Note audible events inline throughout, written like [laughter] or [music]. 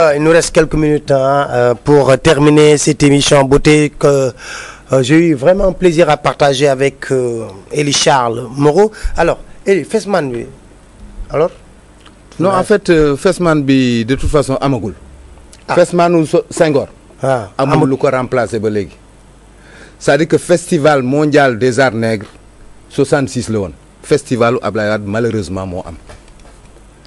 Euh, il nous reste quelques minutes hein, euh, pour terminer cette émission beauté que euh, j'ai eu vraiment un plaisir à partager avec euh, Elie Charles Moreau. Alors, bi alors. non en fait euh, bi de toute façon amagul. ah Fesmanu Senghor. ah lu ko remplacer ba léegi. c'est-à-dire que festival mondial des arts nègres 66 woon festivalu Ablaye Wade malheureusement moo am.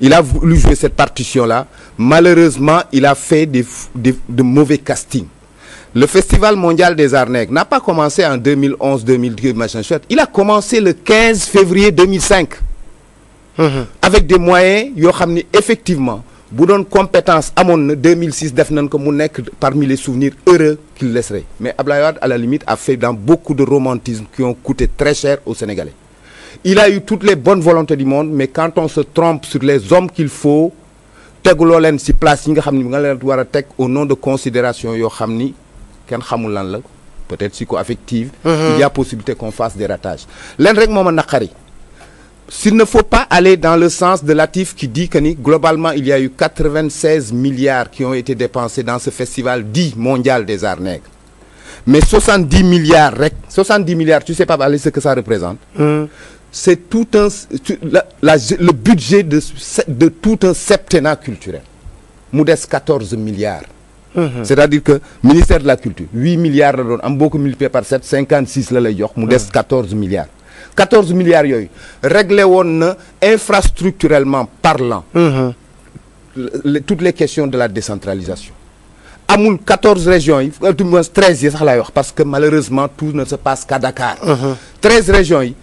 Il a voulu jouer cette partition-là. Malheureusement, il a fait des, de mauvais castings. Le Festival mondial des arts nègres n'a pas commencé en 2011, 2012, machin chouette. Il a commencé le 15 février 2005. Mmh. Avec des moyens, yo xamni effectivement, bu doon compétence amoon na 2006 def nañ ko mu nekk parmi les souvenirs heureux qu'il laisserait. Mais Ablaye Wade à la limite a fait dans beaucoup de romantisme qui ont coûté très cher aux Sénégalais. il a eu toutes les bonnes volontés du monde mais quand on se trompe sur les hommes qu'il faut teguloo leen ci place yi nga xam ni nga leen war a teg de considération yoo xam ni kenn xamul lan la peut-être psycho-affective mm-hmm. il y a possibilité qu'on fasse des ratages leen rek moom a naqari s'il ne faut pas aller dans le sens de Latif qui dit que ni globalement il y a eu 96 milliards qui ont été dépensés dans ce festival dit mondial des arts nègres mais 70 rek 70 milliards tu sais pas Alice ce que ça c'est tout un la, la, le budget de de tout un septennat culturel mu des quatorze milliards. Mmh. c'est-à-dire que ministère de la culture huit milliards la doon am boo ko multiplié par sept cinquante la lay jox. mu des mhm. quatorze milliards. quatorze milliards yooyu réglé woon na infrastructurellement parlant. Mmh. Le, toutes les questions de la décentralisation. amul quatorze régions yi euh, du moins treize yi sax laay parce que malheureusement tout ne se passe qu'à Dakar. Mhm. treize régions yi.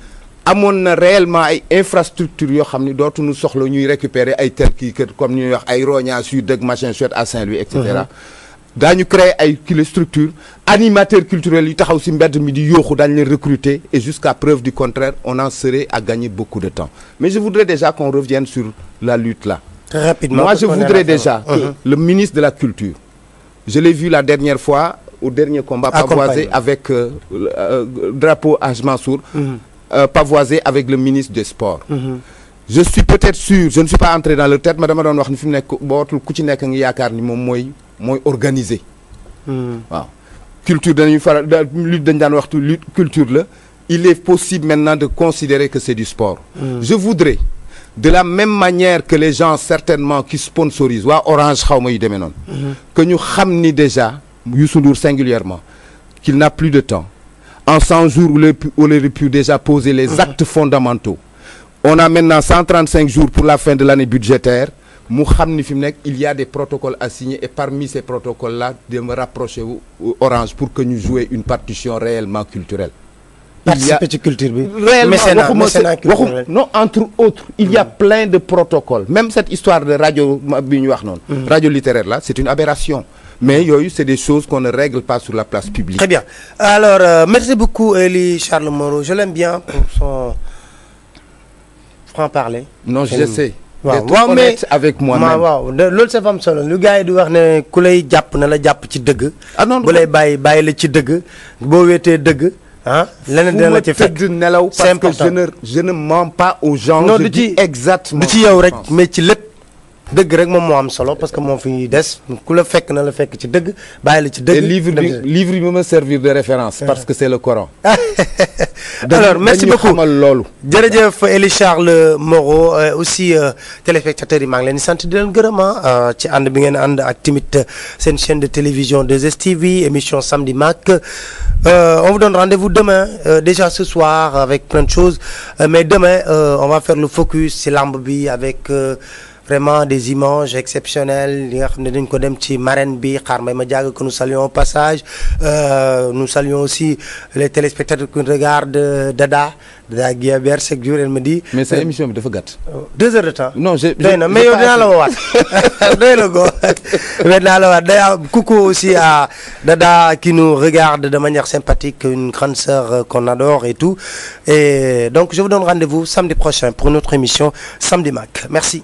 amoon na réellement ay infrastructures yoo xam ni dootuñu soxla ñuy récupérer ay tel kii kër comme ñuy wax ay roña sud dëkk machin suite à Saint-Louis et cetera mhm. daañu créer ay kii structure animateurs culturels yu taxaw si mbedd mi di yooxu daañu leen recruter et jusqu'à preuve du contraire on en serait à gagner beaucoup de temps mais je voudrais déjà qu'on revienne sur la lutte là très rapidement moi je voudrais déjà mhm. le ministre de la culture je l'ai vu la dernière fois au dernier combat pavoisé avec euh, euh, drapeau Haj Mansour mhm. Euh, pavoisé avec le ministre des sports mm-hmm. je suis peut-être sûr je ne suis pas entré dans leur tête ma dama wax ni fi mu nekk bootul ku ci nekk ngi yaakaar ni moom mooy mooy organiser mm-hmm. waaw culture dañuy faral lutte dañ daan waxtu lutte culture la il est possible maintenant de considérer que c'est du sport mm-hmm. je voudrais de la même manière que les gens certainement qui sponsorisent waa Orange xaw ma yu demee noonu que ñu xam ni déjà Youssou Ndour singulièrement qu'il n'a de temps en 100 jours, mhm. on aurait pu pour la fin de l'année budgétaire. Il y a des protocoles à signer euh, pour que nous jouions une partition réellement culturelle. participer ci culture bi. réellement waxuma waxu non entre autres. il y mhm. de protocoles même cette histoire de rajo bi ñu wax mais yooyu c'est des choses qu'on ne règle pas sur la place publique. Très bien alors euh, merci beaucoup Elie Charles Moreau je l'aime bien pour son franc-parler. non je sais. waaw waaw mais avec moi-même waaw loolu sa fam solo lu gars yi di wax ne ku lay jàpp na la jàpp ci dëgg. ah non bu lay bàyyi bàyyi la ci dëgg boo wéetee dëgg. ah leneen dina la ci fekk fu ma tëdd nelaw parce que je ne je ne mens pas aux gens. non du ci exactement du ci yow rek mais ci lépp. dëgg rek moom moo am solo parce que moo fi des ku la fekk na la fekk ci dëgg bay la ci dëgg. livre bi livre bi ma servir de référence. parce que c'est le Coran. [laughs] alors merci beaucoup dañuy xamal loolu. jërëjëf Elie Charles Moreau euh, aussi euh, téléspectateurs yi maa ngi leen sant di leen ah, euh, ci ànd bi ngeen ànd ak timit seen chaîne de télévision 2STV émission samedi mak on vous donne rendez-vous demain déjà ce soir avec plein de choses mais demain on va faire le focus ci lamb bi avec. vraiment des images exceptionnelles li nga xam ne dañ ko dem ci marraine bi xaar may ma jàgg que nous saluons au passage euh, nous saluons aussi les téléspectateurs qui regardent Dada Dada Guia Bersek Diour elle me dit. mais sa euh, émission bi dafa gàtt. deux heures de temps. non je doy na mais yow dinaa la woowaat [laughs] doy na ko mais dinaa la woowaat d'ailleurs coucou aussi à Dada qui nous regarde de manière sympathique une grande sœur qu'on et tout et donc je vous donne rendez-vous samedi prochain pour merci.